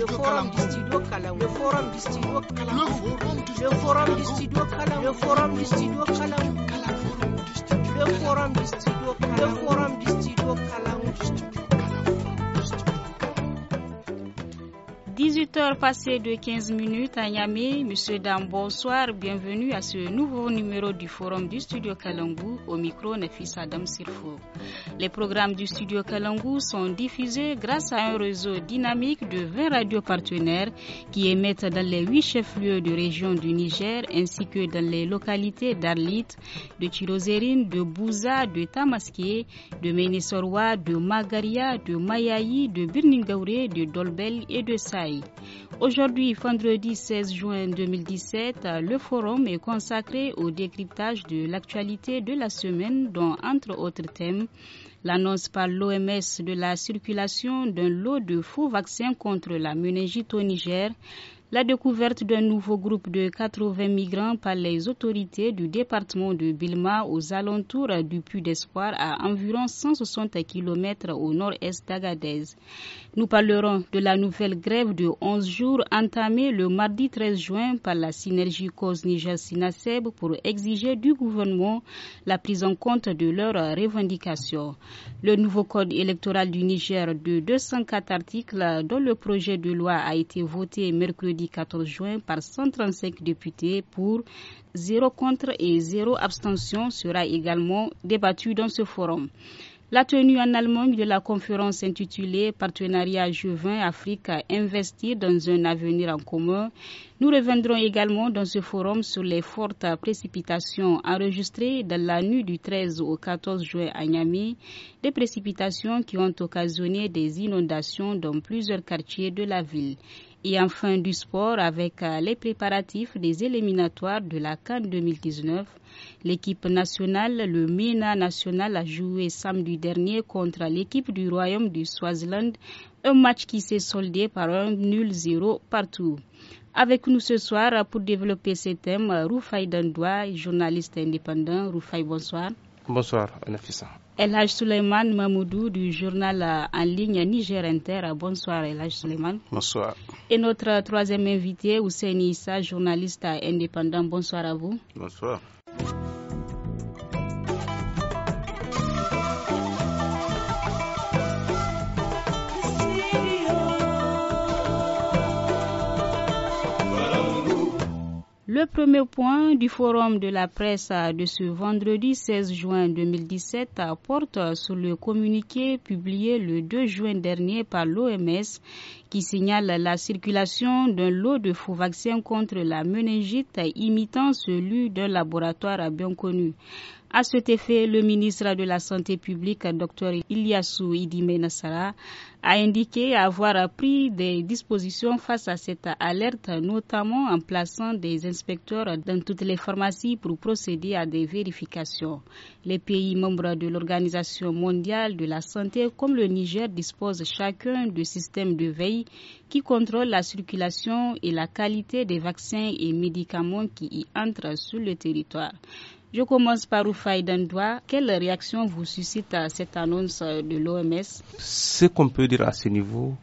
le forum du studio Kalam, le forum du studio Kalam, le forum du studio Kalam, le forum du studio Kalam, le forum du studio Kalam, le forum du studio Kalam, Kalam. 18h passées de 15 minutes à Niamey. Monsieur Dam, bonsoir. Bienvenue à ce nouveau numéro du Forum du Studio Kalangou. Au micro, Nefis Adam Sirfo. Les programmes du Studio Kalangou sont diffusés grâce à un réseau dynamique de 20 radios partenaires qui émettent dans les 8 chefs-lieux de région du Niger ainsi que dans les localités d'Arlit, de Tirozérine, de Bouza, de Tamaské, de Ménisorwa, de Magaria, de Mayaï, de Birningaure, de Dolbel et de Saï. Aujourd'hui, vendredi 16 juin 2017, le forum est consacré au décryptage de l'actualité de la semaine, dont entre autres thèmes l'annonce par l'OMS de la circulation d'un lot de faux vaccins contre la meningite au Niger, la découverte d'un nouveau groupe de 80 migrants par les autorités du département de Bilma aux alentours du puits d'Espoir à environ 160 km au nord-est d'Agadez. Nous parlerons de la nouvelle grève de 11 jours entamée le mardi 13 juin par la synergie cause Niger-Sinaseb pour exiger du gouvernement la prise en compte de leurs revendications. Le nouveau code électoral du Niger de 204 articles dont le projet de loi a été voté mercredi 14 juin par 135 députés pour 0 contre et 0 abstention sera également débattu dans ce forum. La tenue en Allemagne de la conférence intitulée Partenariat Juvin Afrique investir dans un avenir en commun. Nous reviendrons également dans ce forum sur les fortes précipitations enregistrées dans la nuit du 13 au 14 juin à Niamey, des précipitations qui ont occasionné des inondations dans plusieurs quartiers de la ville. Et enfin du sport avec les préparatifs des éliminatoires de la Cannes 2019 L'équipe nationale, le MENA national, a joué samedi dernier contre l'équipe du Royaume du Swaziland, un match qui s'est soldé par un nul 0 partout. Avec nous ce soir pour développer ces thèmes, Roufaï Dandoua, journaliste indépendant. Roufaï, bonsoir. Bonsoir, Anafissa. Elhaj Suleiman Mamoudou du journal en ligne Niger Inter. Bonsoir Elhaj Suleiman. Bonsoir. Et notre troisième invité, Ousseini Issa, journaliste indépendant. Bonsoir à vous. Bonsoir. Thank you. Le premier point du forum de la presse de ce vendredi 16 juin 2017 porte sur le communiqué publié le 2 juin dernier par l'OMS qui signale la circulation d'un lot de faux vaccins contre la meningite imitant celui d'un laboratoire bien connu. À cet effet, le ministre de la Santé publique, Dr Ilyasu Idime Nassara, a indiqué avoir pris des dispositions face à cette alerte, notamment en plaçant des inspecteurs dans toutes les pharmacies pour procéder à des vérifications. Les pays membres de l'Organisation mondiale de la santé, comme le Niger, disposent chacun de systèmes de veille qui contrôlent la circulation et la qualité des vaccins et médicaments qui y entrent sur le territoire. Je commence par Oufaï Dandoua. Quelle réaction vous suscite à cette annonce de l'OMS Ce qu'on peut dire à ce niveau,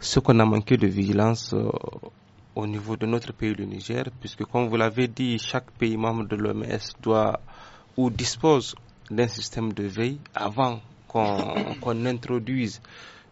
ce qu'on a manqué de vigilance euh, au niveau de notre pays, le Niger, puisque comme vous l'avez dit, chaque pays membre de l'OMS doit ou dispose d'un système de veille avant qu'on introduise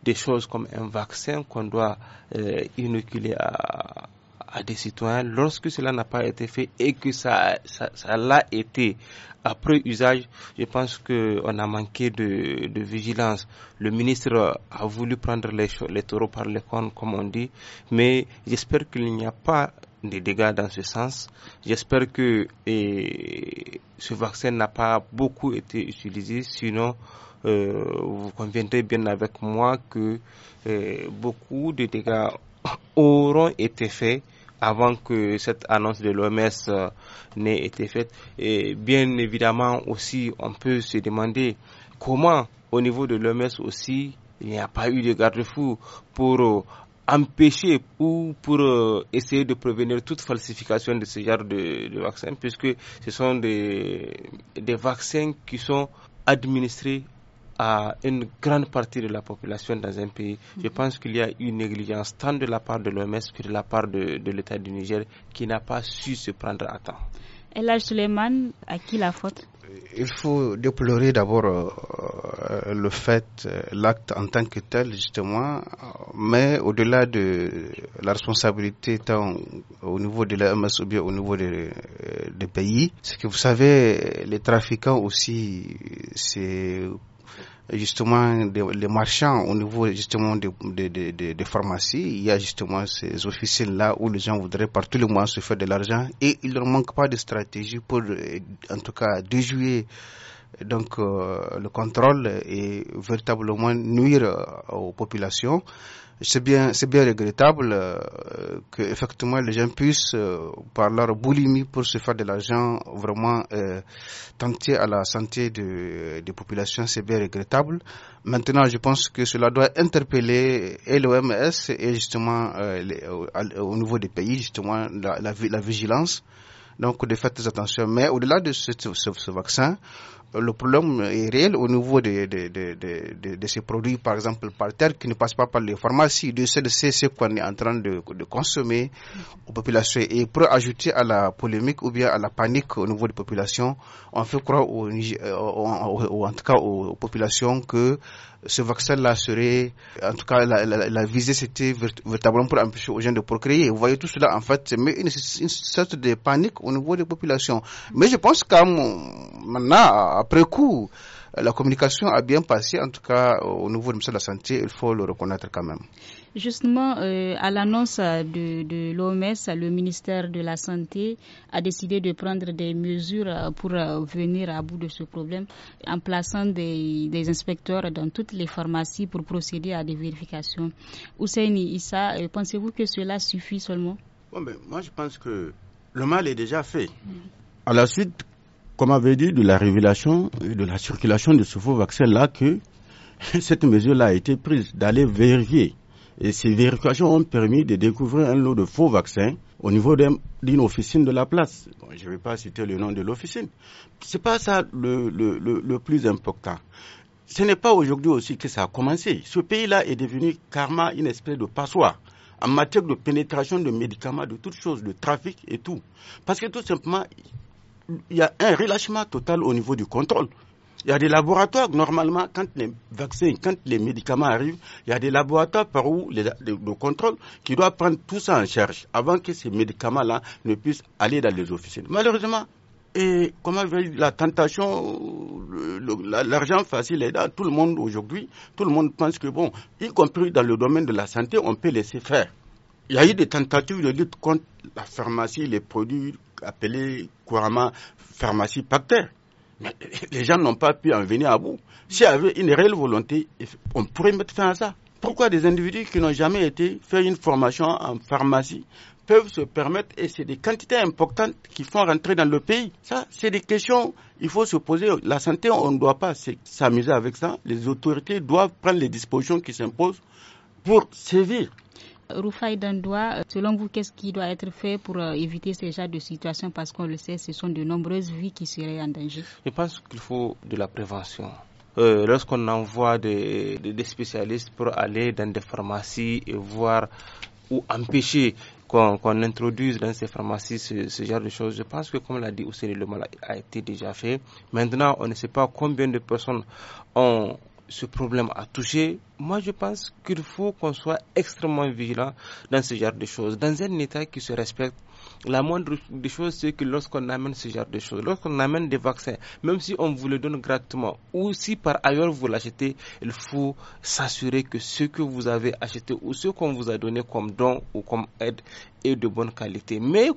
des choses comme un vaccin qu'on doit euh, inoculer à, à des citoyens lorsque cela n'a pas été fait et que ça, ça, ça l'a été après usage, je pense qu'on a manqué de, de, vigilance. Le ministre a voulu prendre les, les taureaux par les cornes, comme on dit, mais j'espère qu'il n'y a pas de dégâts dans ce sens. J'espère que ce vaccin n'a pas beaucoup été utilisé, sinon euh, vous conviendrez bien avec moi que euh, beaucoup de dégâts auront été faits avant que cette annonce de l'OMS euh, n'ait été faite. Et bien évidemment aussi, on peut se demander comment au niveau de l'OMS aussi, il n'y a pas eu de garde-fou pour euh, empêcher ou pour euh, essayer de prévenir toute falsification de ce genre de, vaccins, puisque ce sont des vaccins qui sont administrés à une grande partie de la population dans un pays. Je mhm. pense qu'il y a une négligence tant de la part de l'OMS que de la part de, l'État du Niger qui n'a pas su se prendre à temps. Et là, Suleiman, à qui la faute il faut déplorer d'abord euh, le fait, euh, l'acte en tant que tel, justement, mais au-delà de la responsabilité tant au niveau de l'OMS, ou bien au niveau des euh, pays, c'est que vous savez, les trafiquants aussi, c'est justement les marchands au niveau justement des, pharmacies, il y a justement ces officines-là où les gens voudraient par tous les mois se faire de l'argent et il ne manque pas de stratégie pour euh, en tout cas déjouer donc euh, le contrôle est véritablement nuire euh, aux populations. C'est bien, c'est bien regrettable euh, que effectivement les gens puissent, euh, par leur boulimie pour se faire de l'argent, vraiment tenter à la santé de, des populations. C'est bien regrettable. Maintenant, je pense que cela doit interpeller et l'OMS et justement au, niveau des pays justement la, la, vigilance. Donc, de faire attention. Mais au-delà de ce vaccin, le problème est réel au niveau de, de, de, de, ces produits, par exemple, par terre, qui ne passent pas par les pharmacies. de ce qu'on est en train de, consommer aux populations. Et pour ajouter à la polémique ou bien à la panique au niveau des populations, on fait croire, aux, euh, en tout cas aux populations, que ce vaccin-là serait, en tout cas, la, la, la visée, c'était véritablement pour empêcher aux gens de procréer. Vous voyez tout cela, en fait, c'est une, sorte de panique au niveau des populations. Mais je pense qu'à maintenant, après coup, la communication a bien passé, en tout cas, au niveau de la Santé, il faut le reconnaître quand même. Justement, euh, à l'annonce de, de l'OMS, le ministère de la Santé a décidé de prendre des mesures euh, pour euh, venir à bout de ce problème en plaçant des, inspecteurs dans toutes les pharmacies pour procéder à des vérifications. Ousseini Issa, pensez-vous que cela suffit seulement bon ben, Moi, je pense que le mal est déjà fait. À la suite, comme avait dit, de la révélation et de la circulation de ce faux vaccin-là, que cette mesure-là a été prise d'aller vérifier et ces vérifications ont permis de découvrir un lot de faux vaccins au niveau d'une officine de la place. Bon, je ne vais pas citer le nom de l'officine. Ce n'est pas ça le, le, le, plus important. Ce n'est pas aujourd'hui aussi que ça a commencé. Ce pays-là est devenu karma, une espèce de passoire en matière de pénétration de médicaments, de toutes choses, de trafic et tout. Parce que tout simplement, il y a un relâchement total au niveau du contrôle. Il y a des laboratoires, normalement, quand les vaccins, quand les médicaments arrivent, il y a des laboratoires par où le, contrôle qui doit prendre tout ça en charge avant que ces médicaments-là ne puissent aller dans les officines. Malheureusement, et comment la tentation, l'argent facile est là. Tout le monde aujourd'hui, tout le monde pense que bon, y compris dans le domaine de la santé, on peut laisser faire. Il y a eu des tentatives de lutte contre la pharmacie, les produits appelés couramment pharmacie pactaire. Mais les gens n'ont pas pu en venir à bout. S'il y avait une réelle volonté, on pourrait mettre fin à ça. Pourquoi des individus qui n'ont jamais été faire une formation en pharmacie peuvent se permettre, et c'est des quantités importantes qui font rentrer dans le pays. Ça, c'est des questions, il faut se poser. La santé, on ne doit pas s'amuser avec ça. Les autorités doivent prendre les dispositions qui s'imposent pour sévir. Roufaï Dandoua, euh, selon vous, qu'est-ce qui doit être fait pour euh, éviter ces genre de situation Parce qu'on le sait, ce sont de nombreuses vies qui seraient en danger. Je pense qu'il faut de la prévention. Euh, lorsqu'on envoie des, spécialistes pour aller dans des pharmacies et voir ou empêcher qu'on introduise dans ces pharmacies ce, genre de choses, je pense que comme l'a dit Oussé, le mal a été déjà fait. Maintenant, on ne sait pas combien de personnes ont ce problème a touché, moi je pense qu'il faut qu'on soit extrêmement vigilant dans ce genre de choses. Dans un État qui se respecte, la moindre des choses, c'est que lorsqu'on amène ce genre de choses, lorsqu'on amène des vaccins, même si on vous le donne gratuitement ou si par ailleurs vous l'achetez, il faut s'assurer que ce que vous avez acheté ou ce qu'on vous a donné comme don ou comme aide est de bonne qualité. Mais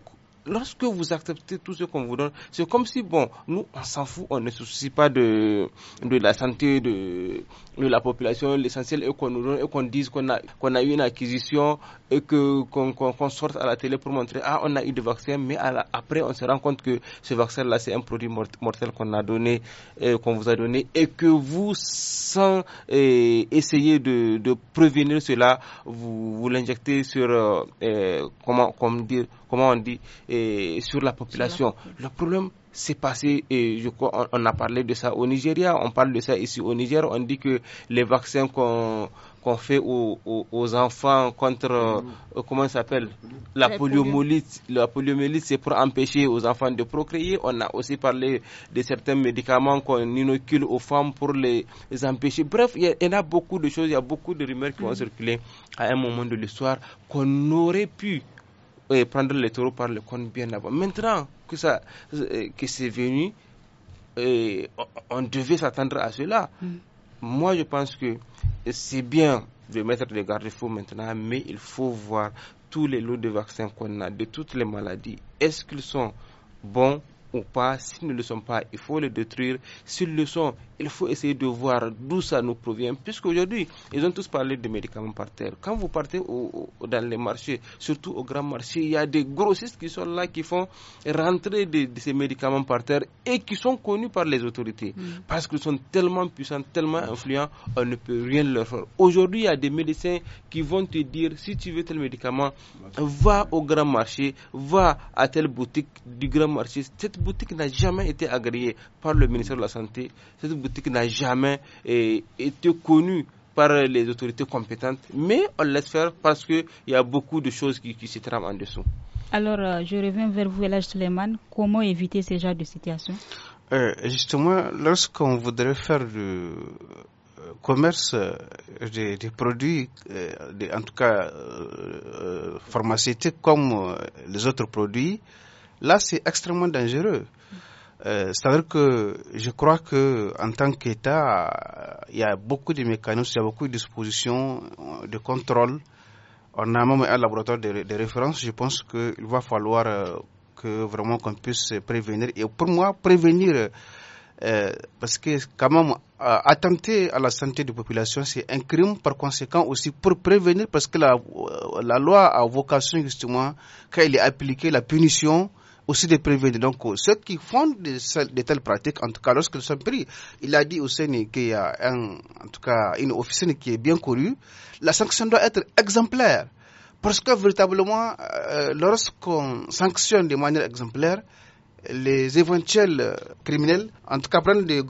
lorsque vous acceptez tout ce qu'on vous donne, c'est comme si, bon, nous, on s'en fout, on ne se soucie pas de, de la santé de, de la population. L'essentiel est qu'on nous donne et qu'on dise qu'on a, qu'on a eu une acquisition et que, qu'on, sorte à la télé pour montrer, ah, on a eu des vaccins, mais après, on se rend compte que ce vaccin-là, c'est un produit mortel qu'on a donné, euh, qu'on vous a donné et que vous, sans euh, essayer de, de prévenir cela, vous, vous l'injectez sur, euh, comment, comment dire, comment on dit, et sur la population. Le problème s'est passé, et je crois, on, a parlé de ça au Nigeria, on parle de ça ici au Niger, on dit que les vaccins qu'on fait aux, enfants contre, euh, comment ça s'appelle, la poliomyélite, la poliomyélite, c'est pour empêcher aux enfants de procréer. On a aussi parlé de certains médicaments qu'on inocule aux femmes pour les, empêcher. Bref, il y, en a beaucoup de choses, il y a beaucoup de rumeurs qui ont mm. circulé à un moment de l'histoire qu'on aurait pu et prendre les taureaux par le compte bien avant. Maintenant que, euh, c'est venu, euh, on devait s'attendre à cela. Mm. Moi, je pense que c'est bien de mettre des garde-fous maintenant, mais il faut voir tous les lots de vaccins qu'on a, de toutes les maladies. Est-ce qu'ils sont bons ou pas, s'ils ne le sont pas, il faut les détruire. S'ils le sont, il faut essayer de voir d'où ça nous provient, puisqu'aujourd'hui, ils ont tous parlé de médicaments par terre. Quand vous partez dans les marchés, surtout au grand marché, il y a des grossistes qui sont là, qui font rentrer de, ces médicaments par terre et qui sont connus par les autorités, mm. parce qu'ils sont tellement puissants, tellement influents, on ne peut rien leur faire. Aujourd'hui, il y a des médecins qui vont te dire, si tu veux tel médicament, va au grand marché, va à telle boutique du grand marché. Cette boutique n'a jamais été agréée par le ministère de la Santé. Cette boutique n'a jamais eh, été connue par les autorités compétentes, mais on laisse faire parce qu'il y a beaucoup de choses qui, se trament en dessous. Alors, euh, je reviens vers vous, Elage Suleiman. Comment éviter ce genre de situation euh, Justement, lorsqu'on voudrait faire du euh, commerce des, produits, en tout cas pharmaceutiques, comme les autres produits, Là, c'est extrêmement dangereux. C'est-à-dire euh, que je crois que en tant qu'État, il y a beaucoup de mécanismes, il y a beaucoup de dispositions euh, de contrôle. On a même un laboratoire de, référence. Je pense qu'il va falloir euh, que vraiment qu'on puisse prévenir. Et pour moi, prévenir, parce que quand même, attenter à la santé des populations, c'est un crime. Par conséquent, aussi pour prévenir, parce que la, la loi a vocation justement, quand elle est appliquée, la punition aussi de prévenir. Donc, ceux qui font de, telles pratiques, en tout cas, lorsqu'ils sont pris, il a dit au Séné qu'il y a en tout cas, une officine qui est bien courue. La sanction doit être exemplaire. Parce que véritablement, euh, lorsqu'on sanctionne de manière exemplaire, les éventuels criminels, en tout cas, prennent des,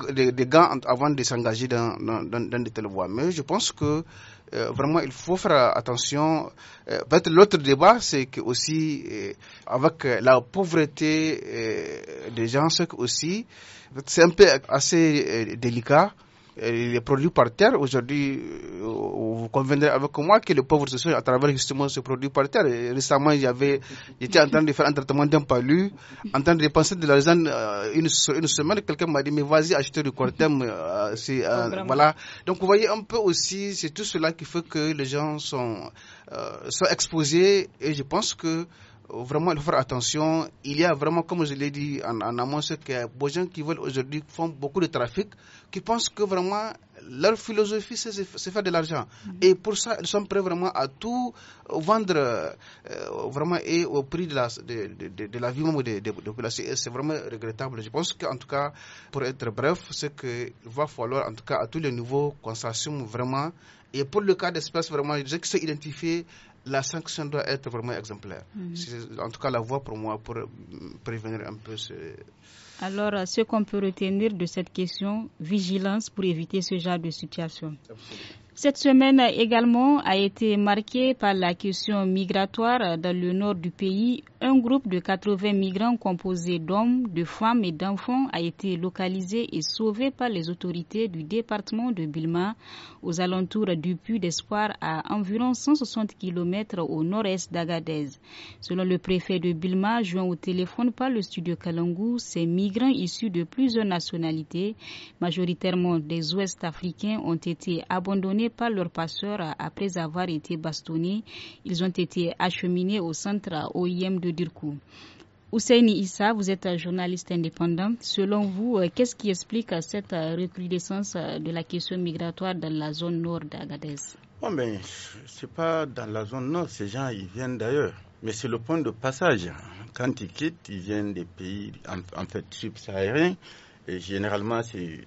gants avant de s'engager dans, dans de telles voies. Mais je pense que euh, vraiment, il faut faire euh, attention. Euh, Peut-être l'autre débat, c'est que aussi, euh, avec la pauvreté des gens, c'est aussi, c'est un peu assez délicat. Les produits par terre, aujourd'hui, conviendrez avec moi que le pauvre se à travers justement ce produit par terre. il récemment, avait j'étais en train de faire un traitement d'un palu, en train de dépenser de l'argent euh, une, une semaine. Quelqu'un m'a dit, mais vas-y, achetez du cortem. Euh, euh, voilà. Donc, vous voyez un peu aussi, c'est tout cela qui fait que les gens sont, euh, sont exposés et je pense que vraiment il faut faire attention. Il y a vraiment, comme je l'ai dit en, en amont, ce a beaucoup de gens qui veulent aujourd'hui font beaucoup de trafic, qui pensent que vraiment leur philosophie, c'est faire de l'argent. Mm-hmm. Et pour ça, ils sont prêts vraiment à tout vendre, euh, vraiment, et au prix de la, de, de, de la vie même des populations. Et c'est vraiment regrettable. Je pense qu'en tout cas, pour être bref, c'est qu'il va falloir, en tout cas, à tous les niveaux, qu'on s'assume vraiment. Et pour le cas d'espèce, vraiment, je que c'est identifié la sanction doit être vraiment exemplaire. Mm-hmm. C'est en tout cas la voie pour moi pour prévenir un peu ce, alors, ce qu'on peut retenir de cette question, vigilance pour éviter ce genre de situation. Cette semaine également a été marquée par la question migratoire dans le nord du pays. Un groupe de 80 migrants composés d'hommes, de femmes et d'enfants a été localisé et sauvé par les autorités du département de Bilma aux alentours du puits d'Espoir à environ 160 km au nord-est d'Agadez. Selon le préfet de Bilma, joint au téléphone par le studio Kalangu, ces migrants issus de plusieurs nationalités, majoritairement des Ouest-Africains, ont été abandonnés par leur passeur après avoir été bastonnés. Ils ont été acheminés au centre OIM de Dirkou. Ousseini Issa, vous êtes un journaliste indépendant. Selon vous, euh, qu'est-ce qui explique cette euh, recrudescence euh, de la question migratoire dans la zone nord d'Agadez Bon, ben, c'est pas dans la zone nord, ces gens, ils viennent d'ailleurs. Mais c'est le point de passage. Quand ils quittent, ils viennent des pays, en, fait, subsahariens. Et généralement, c'est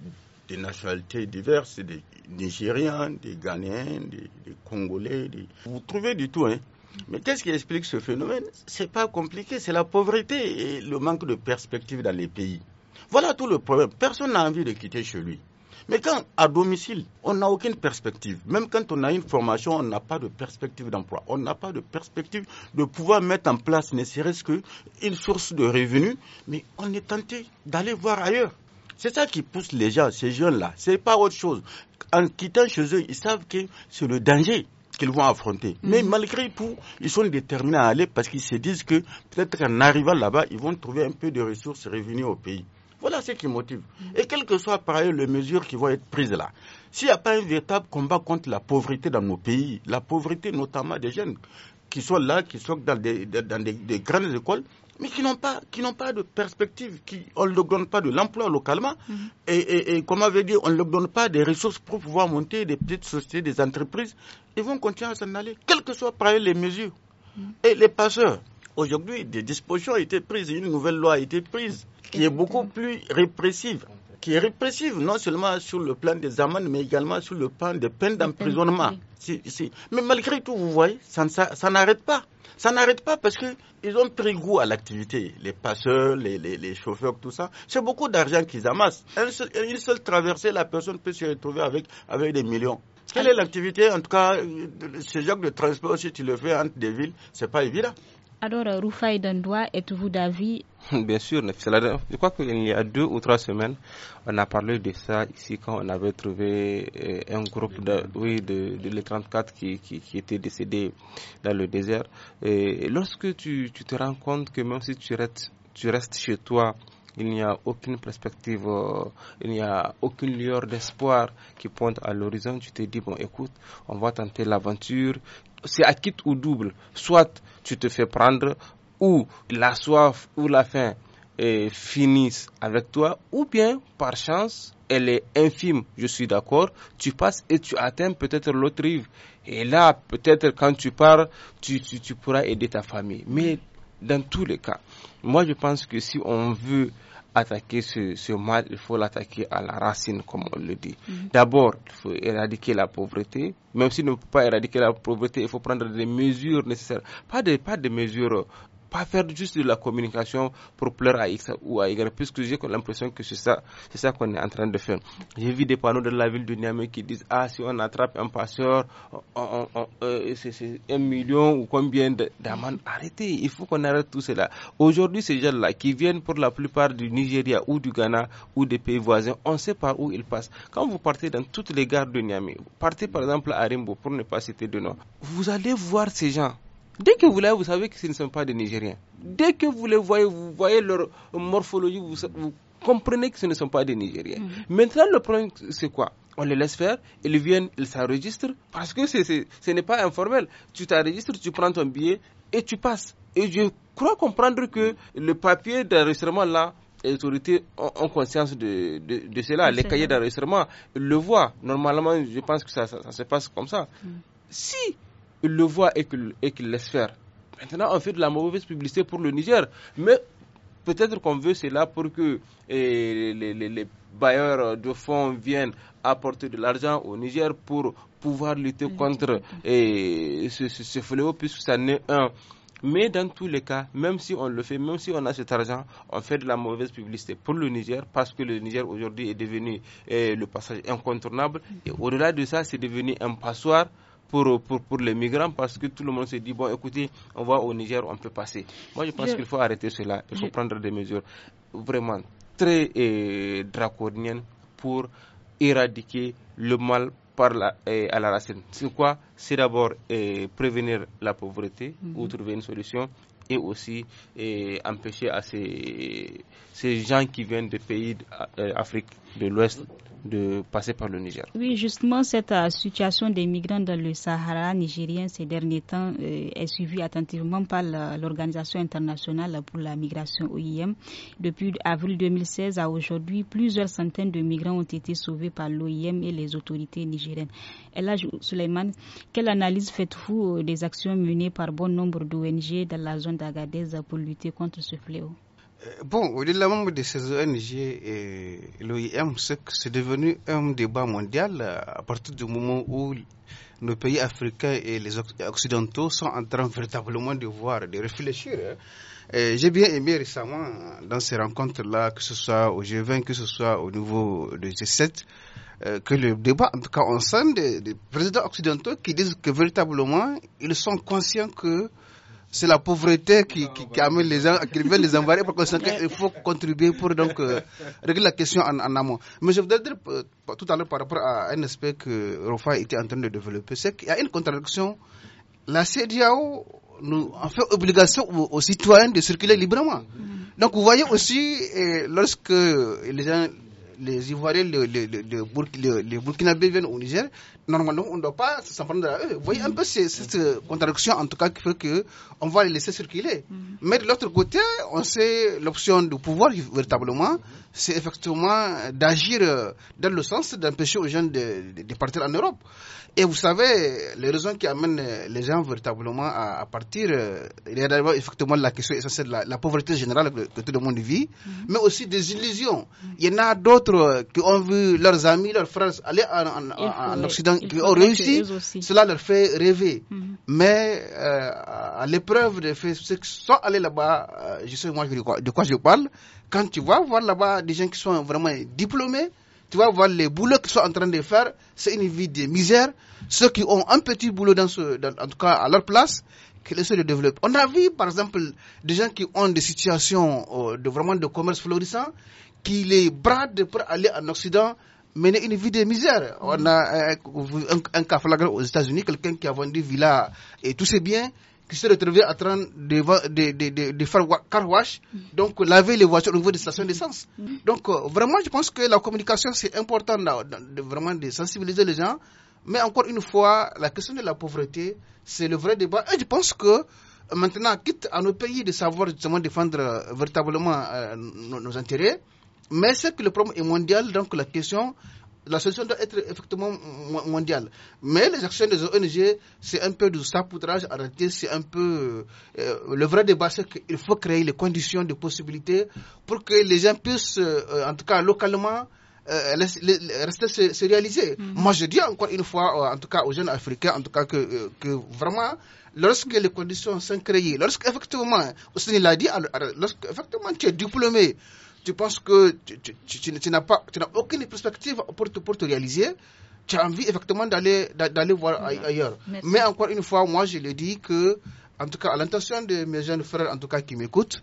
des nationalités diverses, des Nigériens, des Ghanéens, des, Congolais. Vous trouvez du tout, hein mais qu'est-ce qui explique ce phénomène C'est pas compliqué, c'est la pauvreté et le manque de perspective dans les pays. Voilà tout le problème. Personne n'a envie de quitter chez lui. Mais quand à domicile, on n'a aucune perspective. Même quand on a une formation, on n'a pas de perspective d'emploi. On n'a pas de perspective de pouvoir mettre en place ne serait-ce qu'une source de revenus. Mais on est tenté d'aller voir ailleurs. C'est ça qui pousse les gens, ces jeunes-là. C'est pas autre chose. En quittant chez eux, ils savent que c'est le danger qu'ils vont affronter. Mhm. Mais malgré tout, ils sont déterminés à aller parce qu'ils se disent que peut-être qu'en arrivant là-bas, ils vont trouver un peu de ressources et revenir au pays. Voilà ce qui motive. Mhm. Et quelles que soient par ailleurs les mesures qui vont être prises là, s'il n'y a pas un véritable combat contre la pauvreté dans nos pays, la pauvreté notamment des jeunes, qui sont là, qui sont dans des, grandes écoles, mais qui n'ont pas, qui n'ont pas de perspective, qui on ne leur donne pas de l'emploi localement, mhm. et, comme on avait dit, on ne leur donne pas des ressources pour pouvoir monter des petites sociétés, des entreprises, ils vont continuer à s'en aller, quelles que soient par les mesures. Mhm. Et les passeurs, aujourd'hui, des dispositions ont été prises, une nouvelle loi a été prise, qui est beaucoup plus répressive qui est répressive, non seulement sur le plan des amendes, mais également sur le plan des peines d'emprisonnement. Mais malgré tout, vous voyez, ça, n'arrête pas. Ça n'arrête pas parce qu'ils ont pris goût à l'activité. Les passeurs, les, chauffeurs, tout ça. C'est beaucoup d'argent qu'ils amassent. une seule traversée, la personne peut se retrouver avec, avec des millions. Quelle est l'activité En tout cas, euh, ce genre de transport, si tu le fais entre des villes, c'est pas évident. Alors, euh, Rufaï Dandoua, êtes-vous d'avis Bien sûr, je crois qu'il y a deux ou trois semaines, on a parlé de ça ici quand on avait trouvé euh, un groupe de, oui, de, de les 34 qui, qui, qui, était décédé dans le désert. Et lorsque tu, tu te rends compte que même si tu restes, tu restes chez toi, il n'y a aucune perspective, euh, il n'y a aucune lueur d'espoir qui pointe à l'horizon, tu te dis, bon, écoute, on va tenter l'aventure, c'est à quitte ou double. Soit tu te fais prendre, ou la soif ou la faim eh, finissent avec toi, ou bien par chance, elle est infime, je suis d'accord, tu passes et tu atteins peut-être l'autre rive. Et là, peut-être quand tu pars, tu, tu, tu, pourras aider ta famille. Mais dans tous les cas, moi je pense que si on veut attaquer ce, ce, mal, il faut l'attaquer à la racine, comme on le dit. Mhm. D'abord, il faut éradiquer la pauvreté. Même si on ne peut pas éradiquer la pauvreté, il faut prendre des mesures nécessaires. Pas des pas des mesures pas faire juste de la communication pour pleurer à X ou à Y, puisque j'ai l'impression que c'est ça, c'est ça qu'on est en train de faire. J'ai vu des panneaux de la ville de Niamey qui disent ah si on attrape un passeur, euh, c'est un million ou combien d'amendes. Arrêtez, il faut qu'on arrête tout cela. Aujourd'hui, ces gens-là qui viennent pour la plupart du Nigeria ou du Ghana ou des pays voisins, on sait pas où ils passent. Quand vous partez dans toutes les gares de Niamey, partez par exemple à Rimbo pour ne pas citer de nom, vous allez voir ces gens Dès que vous les vous savez que ce ne sont pas des Nigériens. Dès que vous les voyez, vous voyez leur morphologie, vous, vous comprenez que ce ne sont pas des Nigériens. Mhm. Maintenant, le problème, c'est quoi On les laisse faire, ils viennent, ils s'enregistrent, parce que c ce n'est pas informel. Tu t'enregistres, tu prends ton billet et tu passes. Et je crois comprendre que le papier d'enregistrement là, les autorités ont, conscience de, de, cela. Les cahiers d'enregistrement le voient. Normalement, je pense que ça, ça, se passe comme ça. Mhm. Si le voit et qu'il laisse faire. Maintenant, on fait de la mauvaise publicité pour le Niger, mais peut-être qu'on veut cela pour que eh, les, bailleurs de fonds viennent apporter de l'argent au Niger pour pouvoir lutter contre eh, ce, fléau, puisque ça n'est un. Mais dans tous les cas, même si on le fait, même si on a cet argent, on fait de la mauvaise publicité pour le Niger parce que le Niger aujourd'hui est devenu eh, le passage incontournable. Et au-delà de ça, c'est devenu un passoire pour, pour, pour, les migrants parce que tout le monde s'est dit, bon, écoutez, on va au Niger, on peut passer. Moi, je pense qu'il faut arrêter cela. Il faut prendre des mesures vraiment très eh, draconiennes pour éradiquer le mal par la, eh, à la racine. C'est quoi C'est d'abord eh, prévenir la pauvreté mhm. ou trouver une solution et aussi empêcher à ces, ces, gens qui viennent des pays d'Afrique de l'Ouest de passer par le Niger. Oui, justement, cette euh, situation des migrants dans le Sahara nigérien ces derniers temps euh, est suivie attentivement par l'Organisation internationale pour la migration OIM. Depuis avril 2016 à aujourd'hui, plusieurs centaines de migrants ont été sauvés par l'OIM et les autorités nigériennes. Et là, Suleiman, quelle analyse faites-vous euh, des actions menées par bon nombre d'ONG dans la zone d'Agadez pour lutter contre ce fléau? Bon, au-delà membre de ces ONG et l'OIM, c'est devenu un débat mondial euh, à partir du moment où nos pays africains et les occidentaux sont en train véritablement de voir, de réfléchir. Hein. J'ai bien aimé récemment dans ces rencontres-là, que ce soit au G20, que ce soit au niveau du G7, euh, que le débat, en tout cas, en des, des présidents occidentaux qui disent que véritablement, ils sont conscients que c'est la pauvreté qui, qui, qui, amène les gens, qui veut les envahir Par conséquent, il faut contribuer pour donc euh, régler la question en, amont. Mais je voudrais dire euh, tout à l'heure par rapport à un aspect que Rofa était en train de développer, c'est qu'il y a une contradiction. La CDAO nous en fait obligation aux, citoyens de circuler librement. Mm-hmm. Donc vous voyez aussi, euh, lorsque les gens les Ivoiriens, les, les, les, les Burkinabés viennent au Niger, normalement, on ne doit pas s'en prendre à eux. Vous voyez un peu cette euh, contradiction, en tout cas, qui fait qu'on va les laisser circuler. Mm-hmm. Mais de l'autre côté, on sait l'option du pouvoir, véritablement, c'est effectivement d'agir euh, dans le sens d'empêcher aux jeunes de, de, partir en Europe. Et vous savez, les raisons qui amènent euh, les gens véritablement à, à partir, il y a d'abord effectivement la question essentielle de la, la pauvreté générale que, tout le monde vit, mm-hmm. mais aussi des illusions. Mm-hmm. Il y en a d'autres qui ont vu leurs amis, leurs frères aller en, en, en Occident qui ont réussi, cela leur fait rêver. Mm-hmm. Mais euh, à l'épreuve de fait, ceux qui sont allés là-bas, euh, je sais moi de quoi je parle, quand tu vas voir là-bas des gens qui sont vraiment diplômés, tu vas voir les boulots qu'ils sont en train de faire, c'est une vie de misère. Ceux qui ont un petit boulot dans ce, en tout cas à leur place, qu'ils essaient de développer. On a vu, par exemple, des gens qui ont des situations euh, de vraiment de commerce florissant, qui les bradent pour aller en Occident mener une vie de misère. Mm. On a un, euh, un, un cas flagrant aux États-Unis, quelqu'un qui a vendu villa et tous ses biens, qui se retrouvait à train de, de, de, de faire car wash, mm. donc laver les voitures au niveau des stations d'essence. Mm. Donc euh, vraiment, je pense que la communication, c'est important de, vraiment de sensibiliser les gens. Mais encore une fois, la question de la pauvreté, c'est le vrai débat. Et je pense que euh, maintenant, quitte à nos pays de savoir justement défendre véritablement nos intérêts, mais c'est que le problème est mondial, donc la question, la solution doit être effectivement mondiale. Mais les actions des ONG, c'est un peu du sapoutrage en réalité, c'est un peu. Euh, le vrai débat, c'est qu'il faut créer les conditions de possibilité pour que les gens puissent, euh, en tout cas localement, euh, rester se, réaliser. Mhm. Moi, je dis encore une fois, en tout cas aux jeunes africains, en tout cas que, vraiment, lorsque les conditions sont créées, lorsque effectivement, l'a dit, lorsque effectivement tu es diplômé, tu penses que tu, n'as pas, tu n'as aucune perspective pour te, pour réaliser, tu as envie effectivement d'aller, d'aller voir ailleurs. Mais encore une fois, moi je le dis que, en tout cas, à l'intention de mes jeunes frères, en tout cas qui m'écoutent,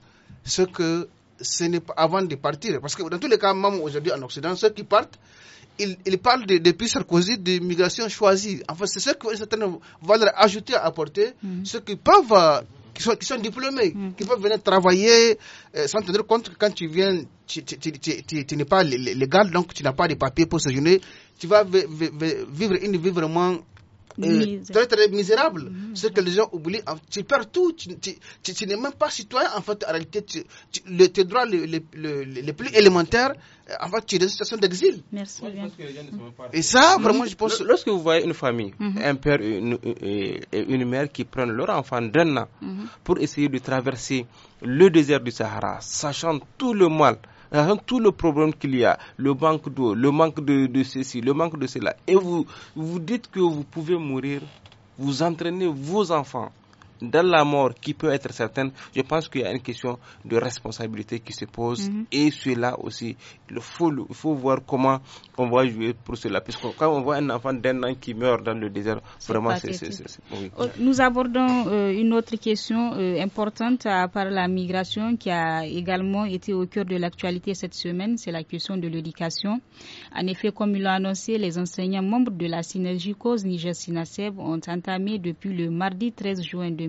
ce que ce n'est pas avant de partir. Parce que dans tous les cas, même aujourd'hui en Occident, ceux qui partent, ils, parlent de, depuis Sarkozy de migration choisie. Enfin, c'est ce que certains vont leur à apporter. Mm-hmm. ce Ceux qui peuvent euh, qui sont, qui sont diplômés, qui peuvent venir travailler euh, sans tenir compte que quand tu viens, tu, tu, n'es pas légal, donc tu n'as pas de papiers pour séjourner. Tu vas vivre une vie vraiment euh, très très misérable. Mmh. Ce que les gens oublient, ah, tu perds tout, tu, tu, tu, n'es même pas citoyen en fait. En réalité, le, tes droits les, le, les plus élémentaires, euh, en fait, tu es dans une situation d'exil. Merci. bien. Et ça, mm. vraiment, je pense. Lorsque vous voyez une famille, mm-hmm. un père et une, une, mère qui prennent leur enfant d'un an mm-hmm. pour essayer de traverser le désert du Sahara, sachant tout le mal tout le problème qu'il y a, le manque d'eau, le manque de, de, ceci, le manque de cela, et vous, vous dites que vous pouvez mourir, vous entraînez vos enfants dans la mort qui peut être certaine, je pense qu'il y a une question de responsabilité qui se pose. Mhm. Et cela aussi, il faut, faut voir comment on va jouer pour cela. Parce que quand on voit un enfant d'un an qui meurt dans le désert, vraiment, c'est... Euh, nous abordons euh, une autre question euh, importante à part la migration qui a également été au cœur de l'actualité cette semaine. C'est la question de l'éducation. En effet, comme il l'a annoncé, les enseignants membres de la synergie cause Niger-Sinaseb ont entamé depuis le mardi 13 juin 2020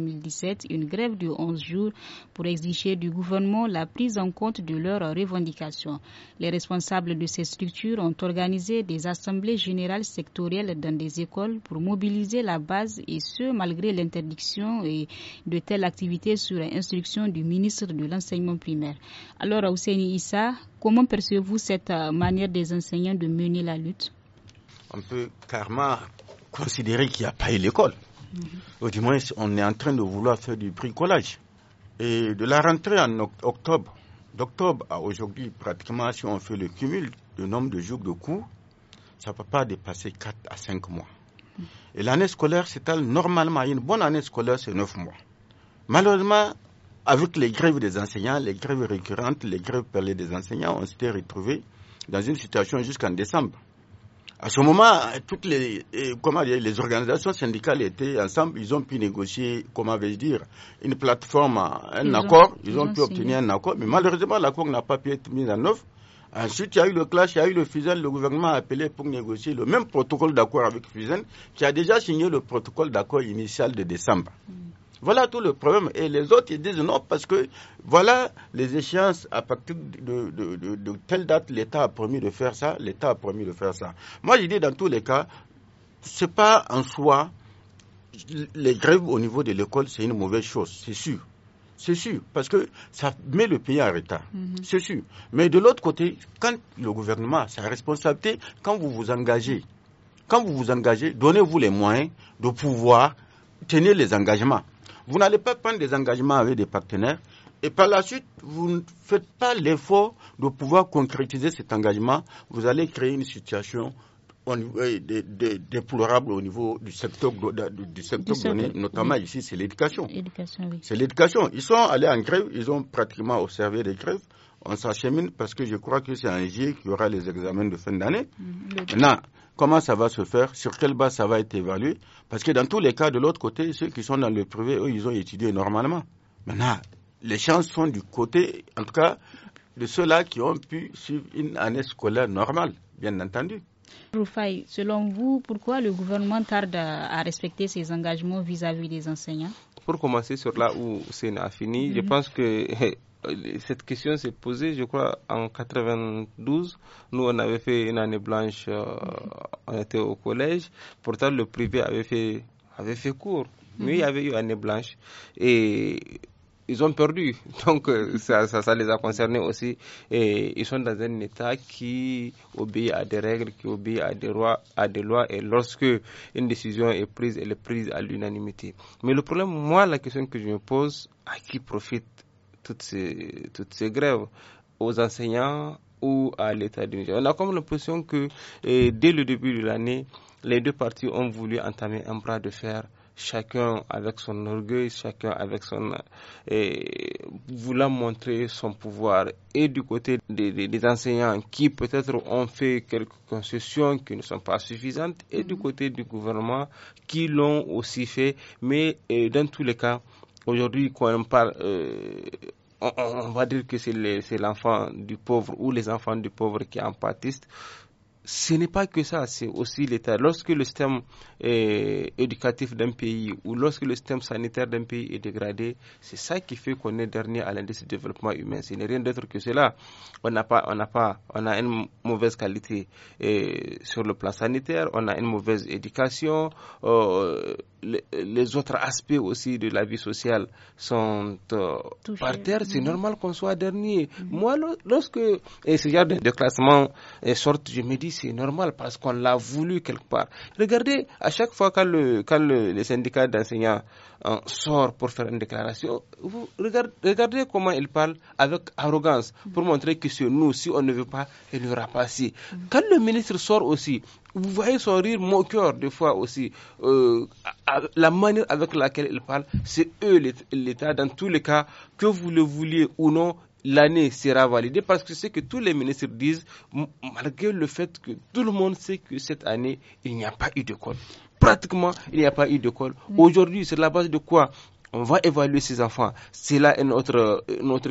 une grève de 11 jours pour exiger du gouvernement la prise en compte de leurs revendications. Les responsables de ces structures ont organisé des assemblées générales sectorielles dans des écoles pour mobiliser la base et ce, malgré l'interdiction de telles activités sur instruction du ministre de l'enseignement primaire. Alors, Ousseini Issa, comment percevez-vous cette euh, manière des enseignants de mener la lutte On peut carrément considérer qu'il n'y a pas eu l'école. Au moins, on est en train de vouloir faire du bricolage. Et de la rentrée en octobre, d'octobre à aujourd'hui, pratiquement, si on fait le cumul du nombre de jours de cours, ça ne peut pas dépasser 4 à 5 mois. Et l'année scolaire s'étale normalement. Une bonne année scolaire, c'est 9 mois. Malheureusement, avec les grèves des enseignants, les grèves récurrentes, les grèves parlées des enseignants, on s'était retrouvé dans une situation jusqu'en décembre. À ce moment, toutes les, comment dire, les organisations syndicales étaient ensemble, ils ont pu négocier, comment vais-je dire, une plateforme, un accord, ils ont, pu obtenir un accord, mais malheureusement, l'accord n'a pas pu être mis en œuvre. Ensuite, il y a eu le clash, il y a eu le FUSEN. Le gouvernement a appelé pour négocier le même protocole d'accord avec FUSEN, qui a déjà signé le protocole d'accord initial de décembre. Mm. Voilà tout le problème. Et les autres, ils disent non, parce que voilà les échéances à partir de, telle date, l'État a promis de faire ça, l'État a promis de faire ça. Moi, je dis dans tous les cas, c'est pas en soi, les grèves au niveau de l'école, c'est une mauvaise chose, c'est sûr. C'est sûr, parce que ça met le pays en retard. Mhm. C'est sûr. Mais de l'autre côté, quand le gouvernement, sa responsabilité, quand vous vous engagez, quand vous vous engagez, donnez-vous les moyens de pouvoir tenir les engagements. Vous n'allez pas prendre des engagements avec des partenaires et par la suite, vous ne faites pas l'effort de pouvoir concrétiser cet engagement. Vous allez créer une situation euh, déplorable au niveau du secteur, du donné, notamment ici, c'est l'éducation. C'est l'éducation. Ils sont allés en grève, ils ont pratiquement observé des grèves on s'achemine parce que je crois que c'est un juillet qui aura les examens de fin d'année. Mm, Maintenant, comment ça va se faire Sur quelle base ça va être évalué Parce que dans tous les cas, de l'autre côté, ceux qui sont dans le privé, eux, ils ont étudié normalement. Maintenant, les chances sont du côté, en tout cas, de ceux-là qui ont pu suivre une année scolaire normale, bien entendu. Roufaï, selon vous, pourquoi le gouvernement tarde à respecter ses engagements vis-à-vis des enseignants Pour commencer sur là où c'est a fini, je mm-hmm. pense que Euh, cette question s'est posée, je crois, en 92. Nous, on avait fait une année blanche, euh, mm-hmm. on était au collège. Pourtant, le privé avait fait, avait fait cours. Mais il y mm-hmm. avait eu année blanche. Et ils ont perdu. Donc euh, ça, ça, les a concernés aussi. Et ils sont dans un État qui obéit à des règles, qui obéit à des, à des lois. Et lorsque une décision est prise, elle est prise à l'unanimité. Mais le problème, moi, la question que je me pose, à qui profite toutes ces, grèves aux enseignants ou à l'État du Niger. On a comme l'impression que eh, dès le début de l'année, les deux parties ont voulu entamer un bras de fer, chacun avec son orgueil, chacun avec son. et eh, voulant montrer son pouvoir. Et du côté des, enseignants qui peut-être ont fait quelques concessions qui ne sont pas suffisantes, et du mm-hmm. côté du gouvernement qui l'ont aussi fait, mais eh, dans tous les cas, aujourd'hui, quand on parle, euh, on, va dire que c'est l'enfant du pauvre ou les enfants du pauvre qui en pâtissent, ce n'est pas que ça, c'est aussi l'État. Lorsque le système éducatif d'un pays ou lorsque le système sanitaire d'un pays est dégradé, c'est ça qui fait qu'on est dernier à l'indice de développement humain. Ce n'est rien d'autre que cela. On n'a pas, on n'a pas, on a une mauvaise qualité euh, sur le plan sanitaire, on a une mauvaise éducation. Euh, les, autres aspects aussi de la vie sociale sont euh, par terre, c'est mm-hmm. normal qu'on soit dernier. Mm-hmm. Moi, lorsque et ce genre de, de classement sort, je me dis c'est normal parce qu'on l'a voulu quelque part. Regardez, à chaque fois quand le, quand syndicat d'enseignants hein, sort pour faire une déclaration, vous regardez, comment il parle avec arrogance pour montrer que c'est nous, si on ne veut pas, il n'y aura pas si. Quand le ministre sort aussi, vous voyez son rire moqueur des fois aussi. Euh, la manière avec laquelle il parle, c'est eux, l'État, dans tous les cas, que vous le vouliez ou non, l'année sera validée parce que c'est que tous les ministres disent, malgré le fait que tout le monde sait que cette année, il n'y a pas eu de col. Pratiquement, il n'y a pas eu de col. Mm. Aujourd'hui, c'est la base de quoi on va évaluer ces enfants. C'est là une autre,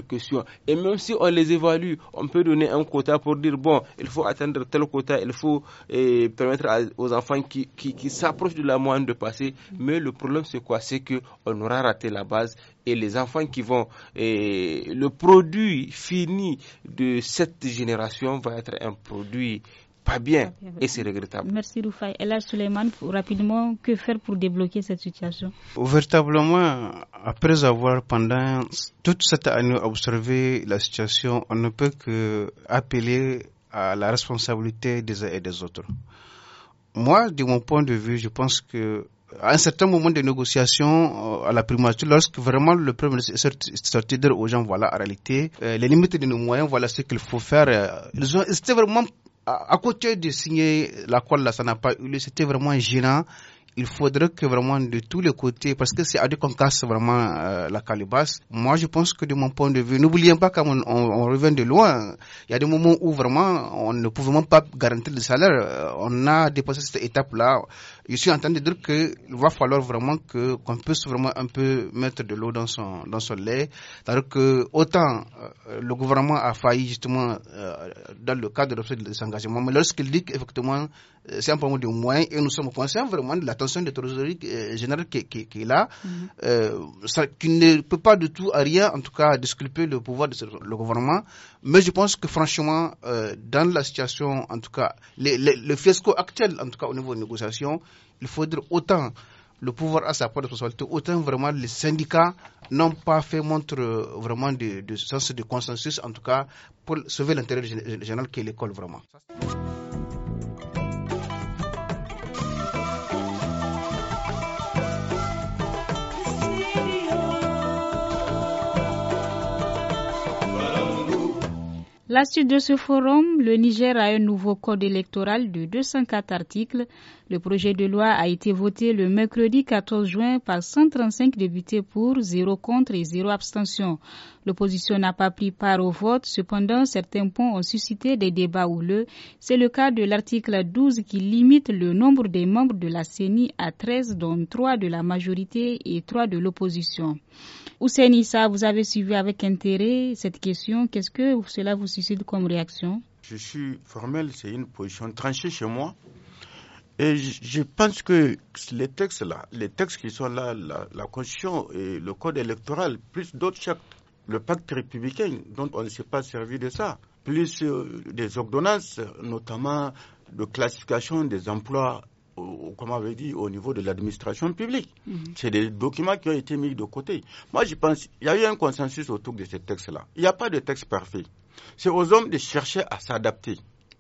question. Et même si on les évalue, on peut donner un quota pour dire, bon, il faut atteindre tel quota, il faut eh, permettre aux enfants qui, qui, s'approchent de la moyenne de passer. Mais le problème, c'est quoi C'est qu'on aura raté la base et les enfants qui vont... Eh, le produit fini de cette génération va être un produit pas bien, et c'est regrettable. Merci Roufaï. Et là, Suleiman, rapidement, que faire pour débloquer cette situation Véritablement, après avoir pendant toute cette année observé la situation, on ne peut que appeler à la responsabilité des uns et des autres. Moi, de mon point de vue, je pense que à un certain moment de négociation, euh, à la primature, lorsque vraiment le premier ministre est sorti dire aux gens, voilà, en réalité, euh, les limites de nos moyens, voilà ce qu'il faut faire, euh, ils c'était vraiment à, côté de signer la colle, ça n'a pas eu lieu. C'était vraiment gênant il faudrait que vraiment de tous les côtés, parce que c'est à deux qu'on casse vraiment euh, la calebasse. Moi, je pense que de mon point de vue, n'oublions pas qu'on on, revient de loin. Il y a des moments où vraiment on ne pouvait même pas garantir le salaire. Euh, on a dépassé cette étape-là. Je suis en train de dire qu'il va falloir vraiment que qu'on puisse vraiment un peu mettre de l'eau dans son dans son lait. cest que autant euh, le gouvernement a failli justement dans le cadre de ses engagements, mais lorsqu'il dit qu'effectivement euh, c'est un problème de moyens et nous sommes conscients vraiment de la tension de trésorerie euh, générale qui, est là, mhm. euh, qui ne peut pas du tout à rien, en tout cas, disculper le pouvoir de le gouvernement. Mais je pense que franchement, dans la situation, en tout cas, le fiasco actuel, en tout cas au niveau des négociations, il faudrait autant le pouvoir à sa part de responsabilité, autant vraiment les syndicats n'ont pas fait montre vraiment de, sens de consensus, en tout cas, pour sauver l'intérêt général est l'école vraiment. la suite de ce forum, le Niger a un nouveau code électoral de 204 articles. Le projet de loi a été voté le mercredi 14 juin par 135 députés pour, 0 contre et 0 abstention. L'opposition n'a pas pris part au vote, cependant certains points ont suscité des débats houleux. C'est le cas de l'article 12 qui limite le nombre des membres de la CENI à 13, dont 3 de la majorité et 3 de l'opposition. Hussein Issa, vous avez suivi avec intérêt cette question. Qu'est-ce que cela vous suscite comme réaction Je suis formel, c'est une position tranchée chez moi. Et je pense que les textes là, les textes qui sont là, la, Constitution et le Code électoral, plus d'autres, chapitres le pacte républicain. dont on ne s'est pas servi de ça. Plus euh, des ordonnances, notamment de classification des emplois, au, comme on avait dit, au niveau de l'administration publique. Mhm. C'est des documents qui ont été mis de côté. Moi, je pense il y a eu un consensus autour de ces textes-là. Il n'y a pas de texte parfait. C'est aux hommes de chercher à s'adapter.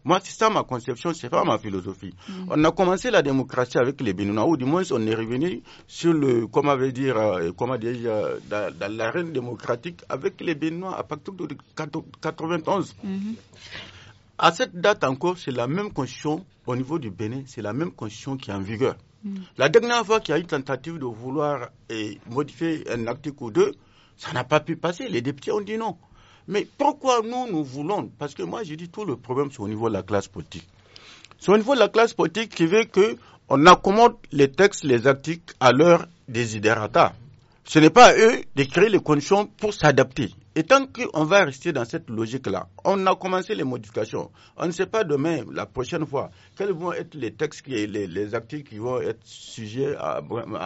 Moi, c'est ça ma conception, c'est pas ma philosophie. Mm. On a commencé la démocratie avec les Béninois, ou du moins on est revenu sur le, comment dire, euh, euh, dans, l'arène démocratique avec les Béninois à partir de 91. Mm-hmm. À cette date encore, c'est la même constitution au niveau du Bénin, c'est la même constitution qui est en vigueur. Mm. La dernière fois qu'il y a eu tentative de vouloir eh, modifier un article ou deux, ça n'a pas pu passer. Les députés ont dit non. Mais pourquoi nous, nous voulons Parce que moi, j'ai dit tout le problème, c'est au niveau de la classe politique. C'est au niveau de la classe politique qui veut que on accommode les textes, les articles à leur désidérata. Ce n'est pas à eux d'écrire les conditions pour s'adapter. Et tant qu'on va rester dans cette logique-là, on a commencé les modifications. On ne sait pas demain, la prochaine fois, quels vont être les textes, qui, les, les qui vont être sujets à,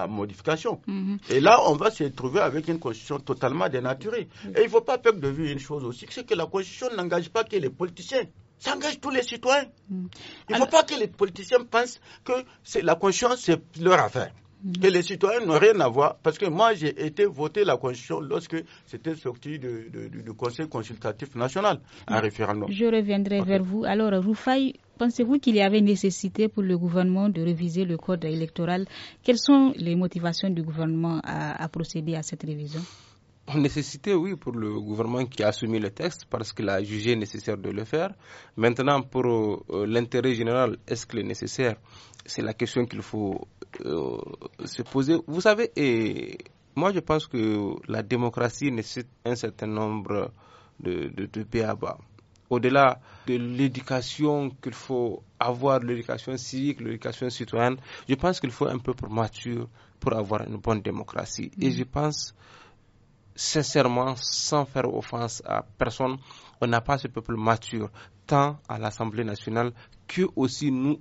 modification. Mhm. Et là, on va se trouver avec une constitution totalement dénaturée. Et il ne faut pas perdre de vue une chose aussi, c'est que la constitution n'engage pas que les politiciens. Ça engage tous les citoyens. Mhm. Il ne faut pas que les politiciens pensent que la constitution, c'est leur affaire que les citoyens n'ont rien à voir. Parce que moi, j'ai été voter la Constitution lorsque c'était sorti du Conseil consultatif national, un mm. référendum. Je reviendrai vers vous. Alors, Roufaï, pensez-vous qu'il y avait nécessité pour le gouvernement de réviser le code électoral Quelles sont les motivations du gouvernement à procéder à cette révision Nécessité, oui, pour le gouvernement qui a soumis le texte parce qu'il a jugé nécessaire de le faire. Maintenant, pour euh, l'intérêt général, est-ce qu'il est nécessaire C'est la question qu'il faut euh, se poser. Vous savez, et moi je pense que la démocratie nécessite un certain nombre de, de, à bas. Au-delà de l'éducation qu'il faut avoir, l'éducation civique, l'éducation citoyenne, je pense qu'il faut un peu pour mature pour avoir une bonne démocratie. Et mm. je pense sincèrement, sans faire offense à personne, on n'a pas ce peuple mature, tant à l'Assemblée nationale que aussi nous,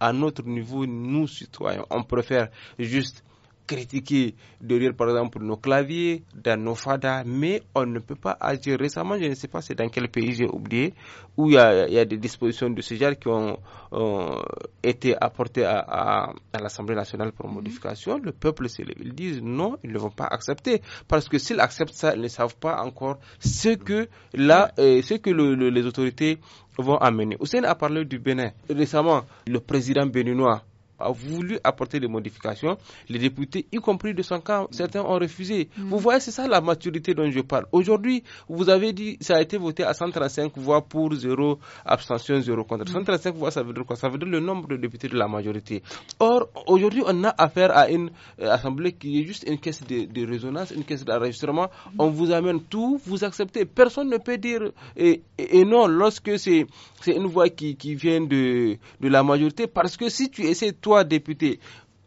à notre niveau, nous citoyens. On préfère juste critiquer de rire, par exemple, nos claviers, dans nos fadas, mais on ne peut pas agir. Récemment, je ne sais pas c'est dans quel pays, j'ai oublié, où il y, a, des dispositions de ce genre qui ont, euh, été apportées à, l'Assemblée nationale pour mhm. modification. Le peuple Ils disent non, ils ne vont pas accepter. Parce que s'ils acceptent ça, ils ne savent pas encore ce mhm. que, là, euh, ce que les autorités vont amener. Hussein a parlé du Bénin. Récemment, le président béninois a voulu apporter des modifications, les députés, y compris de son camp, certains ont refusé. Mm. Vous voyez, c'est ça la maturité dont je parle. Aujourd'hui, vous avez dit, ça a été voté à 135 voix pour 0 abstention, 0 contre. 135 mm. voix, ça veut dire quoi Ça veut dire le nombre de députés de la majorité. Or, aujourd'hui, on a affaire à une euh, assemblée qui est juste une caisse de, résonance, une caisse d'enregistrement. Mm. On vous amène tout, vous acceptez. Personne ne peut dire et, non lorsque c'est une voix qui, vient de, de la majorité parce que si tu essaies toi, député,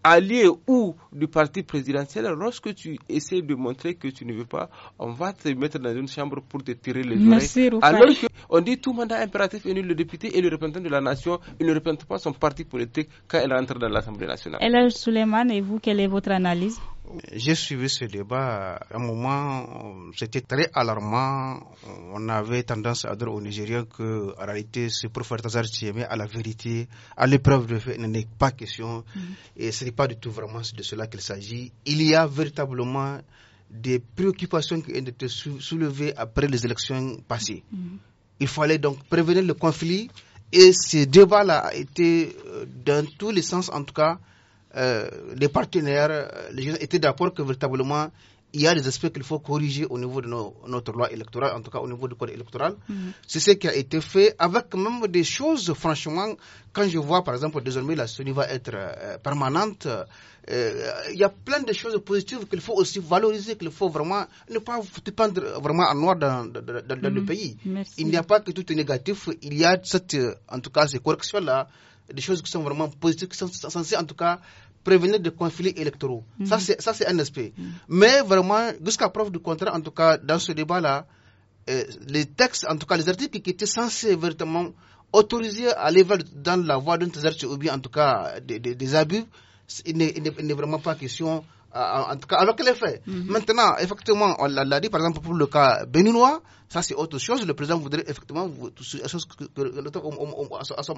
allié ou du parti présidentiel, lorsque tu essaies de montrer que tu ne veux pas, on va te mettre dans une chambre pour te tirer les oreilles. Alors qu'on dit tout mandat impératif est le député et le représentant de la nation, il ne représente pas son parti politique quand elle entre dans l'Assemblée nationale. Hélène Souleymane, et vous, quelle est votre analyse j'ai suivi ce débat. À un moment, c'était très alarmant. On avait tendance à dire aux Nigériens que, en réalité, ce professeur Tazar Tchemé, à la vérité, à l'épreuve de fait, n'est pas question. Mhm. Et ce n'est pas du tout vraiment de cela qu'il s'agit. Il y a véritablement des préoccupations qui ont été soulevées après les élections passées. Mhm. Il fallait donc prévenir le conflit. Et ce débat-là a été, euh, dans tous les sens en tout cas, euh, les partenaires, euh, les gens étaient d'accord que véritablement, il y a des aspects qu'il faut corriger au niveau de nos, notre loi électorale, en tout cas au niveau du code électoral. Mhm. C'est ce qui a été fait avec même des choses, franchement, quand je vois, par exemple, désormais, la CENI va être euh, permanente, il y a plein de choses positives qu'il faut aussi valoriser, qu'il faut vraiment ne pas dépendre vraiment en noir dans, dans, dans le mhm. pays. Il n'y a pas que tout est négatif, il y a cette, en tout cas, ces corrections-là des choses qui sont vraiment positives, qui sont censées en tout cas prévenir des conflits électoraux. Mm-hmm. ça Ça, c'est un aspect. Mm-hmm. Mais vraiment, jusqu'à preuve du contraire, en tout cas, dans ce débat-là, euh, les textes, en tout cas, les articles qui étaient censés véritablement autoriser à aller dans la voie d'un désert ou bien en tout cas des, des, abus, il n'est vraiment pas question, euh, en tout cas, alors qu'elle est mm-hmm. Maintenant, effectivement, on l'a dit, par exemple, pour le cas béninois, ça, c'est autre chose. Le président voudrait effectivement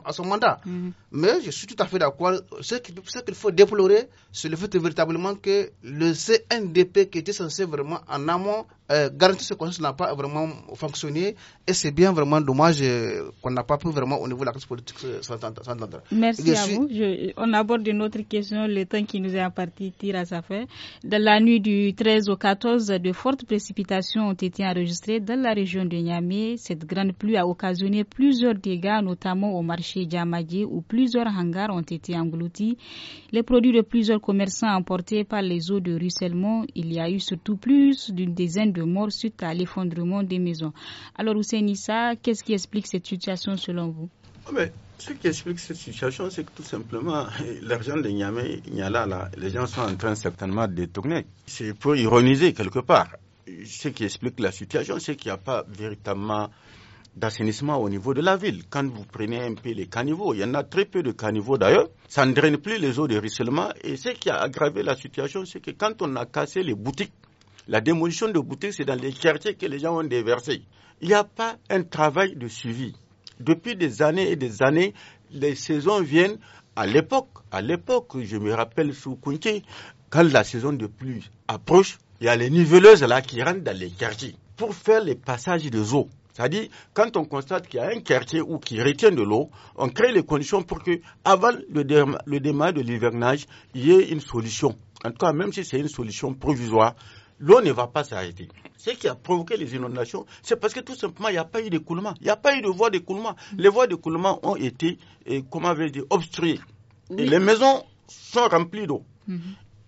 à, son, mandat. Mm -hmm. Mais je suis tout à fait d'accord. Ce qu'il faut déplorer, c'est le fait véritablement que le CNDP, qui était censé vraiment en amont euh, garantir ce consensus, n'a pas vraiment fonctionné. Et c'est bien vraiment dommage euh, qu'on n'a pas pu vraiment, au niveau de la crise politique, euh, s'entendre. Merci à vous. on aborde une autre question. Le temps qui nous est imparti tire à sa fin. Dans la nuit du 13 au 14, de fortes précipitations ont été enregistrées dans la région de Niamey, cette grande pluie a occasionné plusieurs dégâts, notamment au marché Djamadji, où plusieurs hangars ont été engloutis. Les produits de plusieurs commerçants emportés par les eaux de ruissellement, il y a eu surtout plus d'une dizaine de morts suite à l'effondrement des maisons. Alors, Hussein Nissa, qu'est-ce qui explique cette situation selon vous ah, Ce qui explique cette situation, c'est que tout simplement, l'argent de Niamey, Niala, là, les gens sont en train certainement de détourner. C'est pour ironiser quelque part ce qui explique la situation, c'est qu'il n'y a pas véritablement d'assainissement au niveau de la ville. Quand vous prenez un peu les caniveaux, il y en a très peu de caniveaux d'ailleurs, ça ne draine plus les eaux de ruissellement. Et ce qui a aggravé la situation, c'est que quand on a cassé les boutiques, la démolition de boutiques, c'est dans les quartiers que les gens ont déversé. Il n'y a pas un travail de suivi. Depuis des années et des années, les saisons viennent. À l'époque, à l'époque, je me rappelle sous Kunti, quand la saison de pluie approche, il y a les niveleuses là qui rentrent dans les quartiers pour faire les passages des eaux. C'est-à-dire, quand on constate qu'il y a un quartier où qui retient de l'eau, on crée les conditions pour que, avant le, démarrage de l'hivernage, il y ait une solution. En tout cas, même si c'est une solution provisoire, l'eau ne va pas s'arrêter. Ce qui a provoqué les inondations, c'est parce que tout simplement, il n'y a pas eu d'écoulement. Il n'y a pas eu de voie d'écoulement. Mm. Les voies d'écoulement ont été, eh, comment vais-je dire, obstruées. les maisons sont remplies d'eau. Mm-hmm.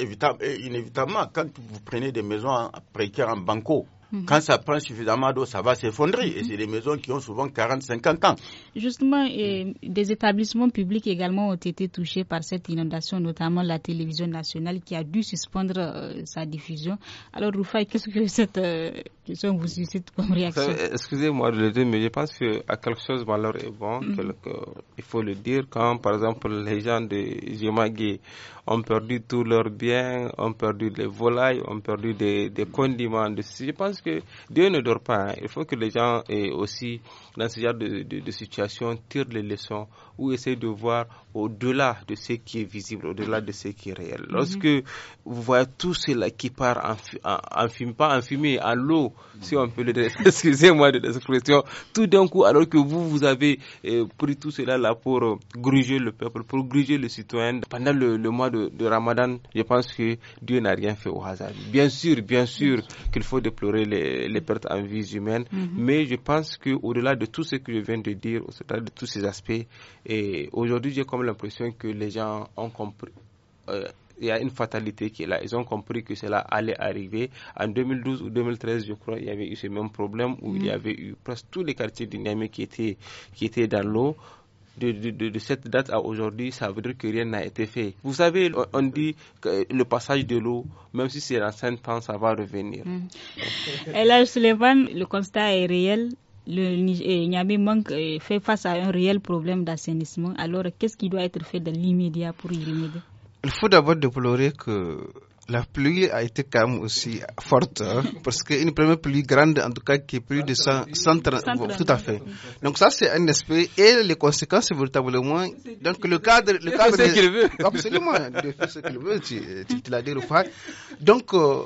Euh, inévitablement, quand vous prenez des maisons précaires en banco, Mhm. Quand ça prend suffisamment d'eau, ça va s'effondrer. Et mhm. c'est des maisons qui ont souvent 40, 50 ans. Justement, mhm. des établissements publics également ont été touchés par cette inondation, notamment la télévision nationale qui a dû suspendre euh, sa diffusion. Alors, Roufaï, qu'est-ce que cette euh, question vous suscite comme réaction Excusez-moi de le dire, mais je pense qu'à quelque chose, malheur est bon. il faut le dire. Quand, par exemple, les gens de Jemagé ont perdu tous leurs biens, ont perdu les volailles, ont perdu des, des condiments. Je pense que Dieu ne dort pas. Il faut que les gens aussi, dans ce genre de situation, tirent les leçons ou essayer de voir au-delà de ce qui est visible, au-delà de ce qui est réel. Mhm. Lorsque vous voyez tout cela qui part en, en, pas en fumée, en l'eau, mhm. si on peut le dire, excusez-moi de l'expression, tout d'un coup, alors que vous, vous avez euh, pris tout cela là pour euh, gruger le peuple, pour gruger le citoyen, pendant le, mois de, Ramadan, je pense que Dieu n'a rien fait au hasard. Bien sûr, bien sûr qu'il faut déplorer les, pertes en vies humaines, mhm. mais je pense qu'au-delà de tout ce que je viens de dire, au-delà de tous ces aspects, et aujourd'hui, j'ai comme l'impression que les gens ont compris. Euh, il y a une fatalité qui est là. Ils ont compris que cela allait arriver. En 2012 ou 2013, je crois, il y avait eu ce même problème où il y mm. avait eu presque tous les quartiers du Niamey qui étaient, qui étaient dans l'eau. De, cette date à aujourd'hui, ça veut dire que rien n'a été fait. Vous savez, on dit que le passage de l'eau, même si c'est dans 5 ans, ça va revenir. Mm. Et là, Suleiman, le constat est réel le eh, Niamey manque, eh, fait face à un réel problème d'assainissement. Alors, qu'est-ce qui doit être fait de l'immédiat pour y remédier Il faut d'abord déplorer que la pluie a été quand même aussi forte, hein, parce une première pluie grande, en tout cas, qui est plus de 100, 130, tout à fait. Donc ça, c'est un aspect, et les conséquences, véritablement, donc le cadre... Le cadre ce qu'il veut. Absolument, ce qu'il veut, tu, tu, l'as dit, le faire. Donc, euh,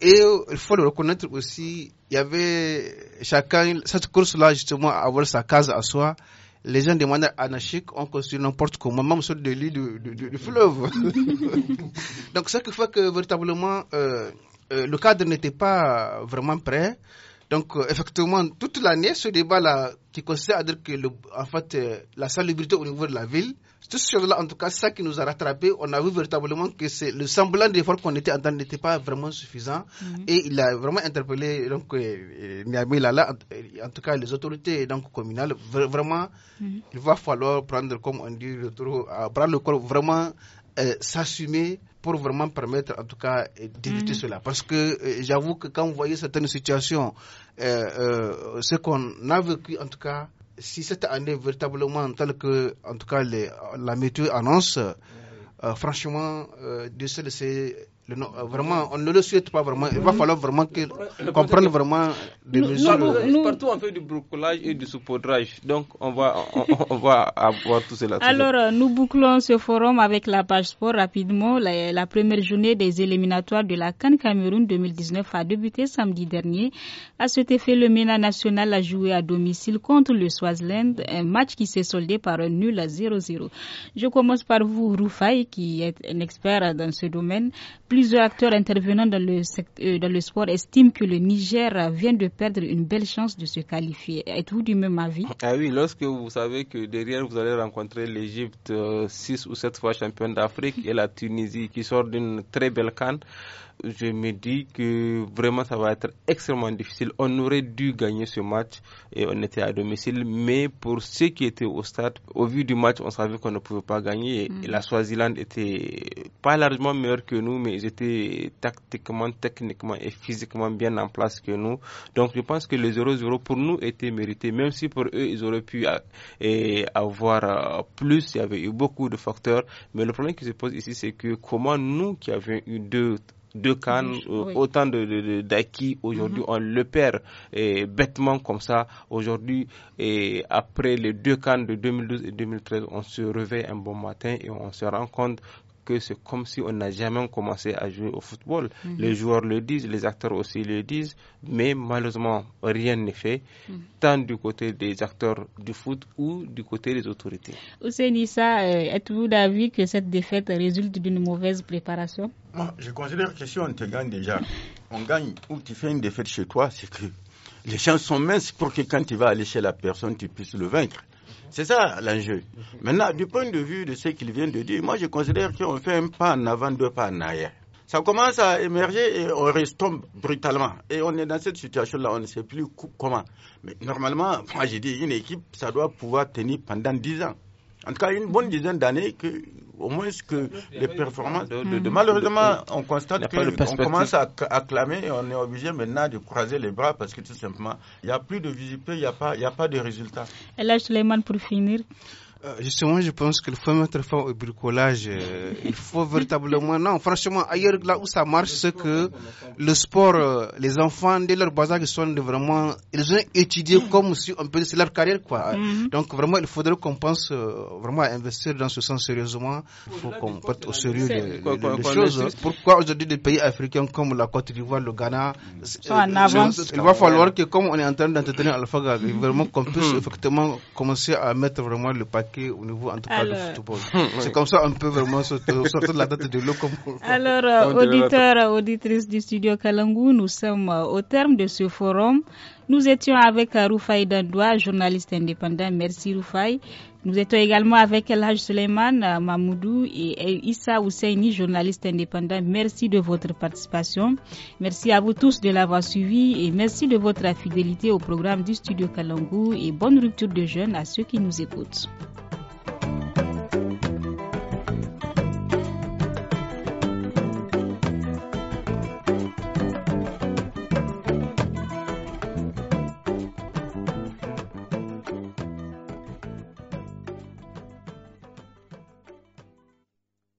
et il faut le reconnaître aussi, il y avait chacun, cette course-là, justement, à avoir sa case à soi. Les gens, de manière anarchique, ont construit n'importe comment, même sur des lits du, fleuve. Donc, chaque qui que, véritablement, euh, euh, le cadre n'était pas vraiment prêt. Donc, euh, effectivement, toute l'année, ce débat-là, qui consiste à dire que, le, en fait, euh, la salubrité au niveau de la ville, tout choses là, en tout cas, ça qui nous a rattrapé, on a vu véritablement que c'est le semblant d'effort qu'on était en train n'était pas vraiment suffisant. Mhm. Et il a vraiment interpellé donc euh, euh, euh, en, tout cas les autorités donc communales. Vraiment, mhm. il va falloir prendre, comme on dit, le euh, prendre le corps vraiment s'assumer pour vraiment permettre, en tout cas, d'éviter mhm. cela. Parce que j'avoue que quand vous voyez certaines situations, ce qu'on a vécu, en tout cas, si cette année véritablement telle que, en tout cas, la météo annonce, euh, franchement, de euh, Dieu seul sait euh, vraiment, on ne le souhaite pas vraiment. Il va falloir vraiment qu'on prenne vraiment des mesures. partout, on fait du bricolage et du saupoudrage. Donc, on va, on, va avoir tout cela. Alors, euh, nous bouclons ce forum avec la page sport rapidement. La, première journée des éliminatoires de la Cannes Cameroun 2019 a débuté samedi dernier. À cet effet, le MENA national a joué à domicile contre le Swaziland, un match qui s'est soldé par un nul à 0-0. Je commence par vous, Roufaï, qui est un expert dans ce domaine. Plus Plusieurs acteurs intervenant dans le, euh, dans le sport estiment que le Niger vient de perdre une belle chance de se qualifier. Êtes-vous du même avis Ah oui, lorsque vous savez que derrière vous allez rencontrer l'Égypte, euh, six ou sept fois championne d'Afrique, et la Tunisie qui sort d'une très belle canne, je me dis que vraiment ça va être extrêmement difficile. On aurait dû gagner ce match et on était à domicile, mais pour ceux qui étaient au stade, au vu du match, on savait qu'on ne pouvait pas gagner. Mm. la Swaziland était pas largement meilleure que nous, mais ils étaient tactiquement, techniquement et physiquement bien en place que nous. Donc je pense que les 0-0 pour nous était mérité, même si pour eux ils auraient pu avoir euh, plus. Il y avait eu beaucoup de facteurs, mais le problème qui se pose ici, c'est que comment nous qui avions eu deux deux cannes, euh, autant de, d'acquis. Aujourd'hui, mm-hmm. on le perd bêtement comme ça. Aujourd'hui, et après les deux cannes de 2012 et 2013, on se réveille un bon matin et on se rend compte que c'est comme si on n'a jamais commencé à jouer au football. Mhm. Les joueurs le disent, les acteurs aussi le disent, mais malheureusement, rien n'est fait, mhm. tant du côté des acteurs du foot ou du côté des autorités. Nissa, euh, êtes-vous d'avis que cette défaite résulte d'une mauvaise préparation Moi, je considère que si on te gagne déjà, on gagne ou tu fais une défaite chez toi, c'est que les chances sont minces pour que quand tu vas aller chez la personne, tu puisses le vaincre. C'est ça l'enjeu. Maintenant, du point de vue de ce qu'il vient de dire, moi je considère qu'on fait un pas en avant, deux pas en arrière. Ça commence à émerger et on retombe brutalement. Et on est dans cette situation-là, on ne sait plus comment. Mais normalement, moi j'ai dit, une équipe, ça doit pouvoir tenir pendant dix ans en tout cas une bonne dizaine d'années que au moins que les performances de, de, hmm. malheureusement on constate qu'on commence à acclamer et on est obligé maintenant de croiser les bras parce que tout simplement il n'y a plus de visiteurs, il n'y a pas il a pas de résultats. Et là pour finir. Euh, justement, je pense qu'il faut mettre fin au bricolage. Euh, il faut véritablement, non, franchement, ailleurs là où ça marche, c'est que le sport, euh, les enfants, dès leur bas ils sont vraiment, ils ont étudié mm. comme si on peut, c'est leur carrière, quoi. Mm. Donc vraiment, il faudrait qu'on pense vraiment à investir dans ce sens sérieusement. Il faut qu'on porte au sérieux les, choses. Pourquoi aujourd'hui des pays africains comme la Côte d'Ivoire, le Ghana, mm. en avance. il va falloir que comme on est en train d'entretenir Alpha vraiment qu'on puisse effectivement commencer à mettre vraiment le paquet au niveau, en tout cas, football. C'est comme ça on peut vraiment sortir de la date de l'eau. Alors, auditeurs, auditrices du studio Kalangou, nous sommes euh, au terme de ce forum. Nous étions avec euh, Roufaï Dandoua, journaliste indépendant. Merci Roufaï. Nous étions également avec Elhaj Haj Suleiman euh, Mamoudou et Issa Ousseini, journaliste indépendant. Merci de votre participation. Merci à vous tous de l'avoir suivi et merci de votre fidélité au programme du studio Kalangou et bonne rupture de jeûne à ceux qui nous écoutent. thank you